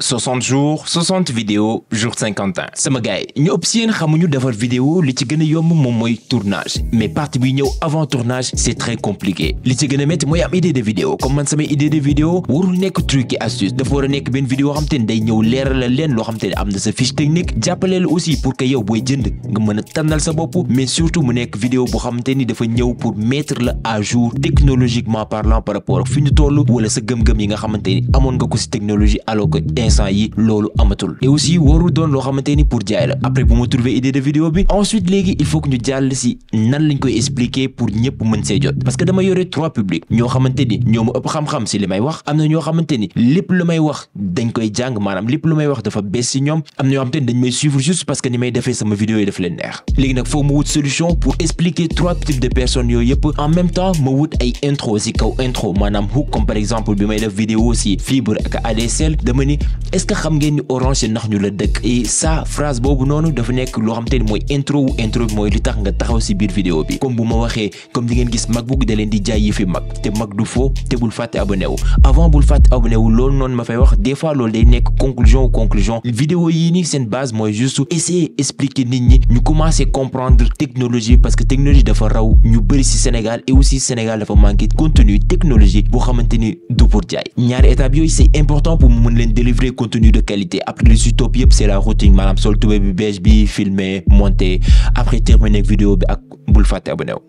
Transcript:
60 jours 60 vidéos jour 51 sama gars yi ñu ëpp si yéen xamuñu une vidéo li ci gën a yomb moom tournage mais partie bi le avant tournage c'est très compliqué li ci gën mettre, am idée de vidéo comme man sama idée de vidéo warul nekk truc et astuce dafa war une vidéo xam te ne day ñëw leeralal leen loo xam am na sa fiche technique aussi pour que yow booy jënd nga mën a sa mais surtout mu nekk vidéo pour ramteni ni dafa pour mettre la à jour technologiquement parlant par rapport au. fin de toll wala sa gëm-gëm yi nga xamante ni amoon nga technologie alors que instant yi loolu amatul et aussi warul doon lo xamanteni pour jaay la après bu ma trouver idée de vidéo bi ensuite légui il faut que ñu jall si nan lañ koy expliquer pour ñepp mën see jot parce que dama yoré trois publics ñoo xamanteni ni ñoo ëpp xam-xam ci limay wax amna na ñoo xamante ni lu may wax dañ koy jang manam lepp lu may wax dafa bees ci ñom amna ñoo dañ may suivre juste parce que ni may défé sama vidéo yi daf leen neex légui nak faut mu wut solution pour expliquer trois types de personnes yooyu yëpp en même temps mu wut ay intro si kaw intro manam hook comme par exemple bi may def vidéo aussi fibre ak ADSL dama ni est-ce que xam ngeen ni orange ndax ñu le dëkk et ça phrase bobu nonou dafa nek lo xam te ni intro ou intro moy mooy li tax nga taxaw si biir vidéo bi comme buma waxé comme di ngeen gis MacBook da leen di jaay yefi mag té mag du faux té bul faté abonné wu avant bul faté abonné wu lool non ma fay wax des fois lool day nek conclusion ou conclusion vidéo yi ni sen base moy juste essayer expliquer nit ñi ñu commencer comprendre technologie parce que technologie dafa raw ñu bëri si Sénégal et aussi Sénégal dafa manquer contenu technologie boo xamante du pour jaay ñaar étape yoy c'est important pour mu mën len délivrer contenu de qualité après les utopies, c'est la routine Madame sol tubéy bi beige bi filmer monter après terminer vidéo bi ak abonné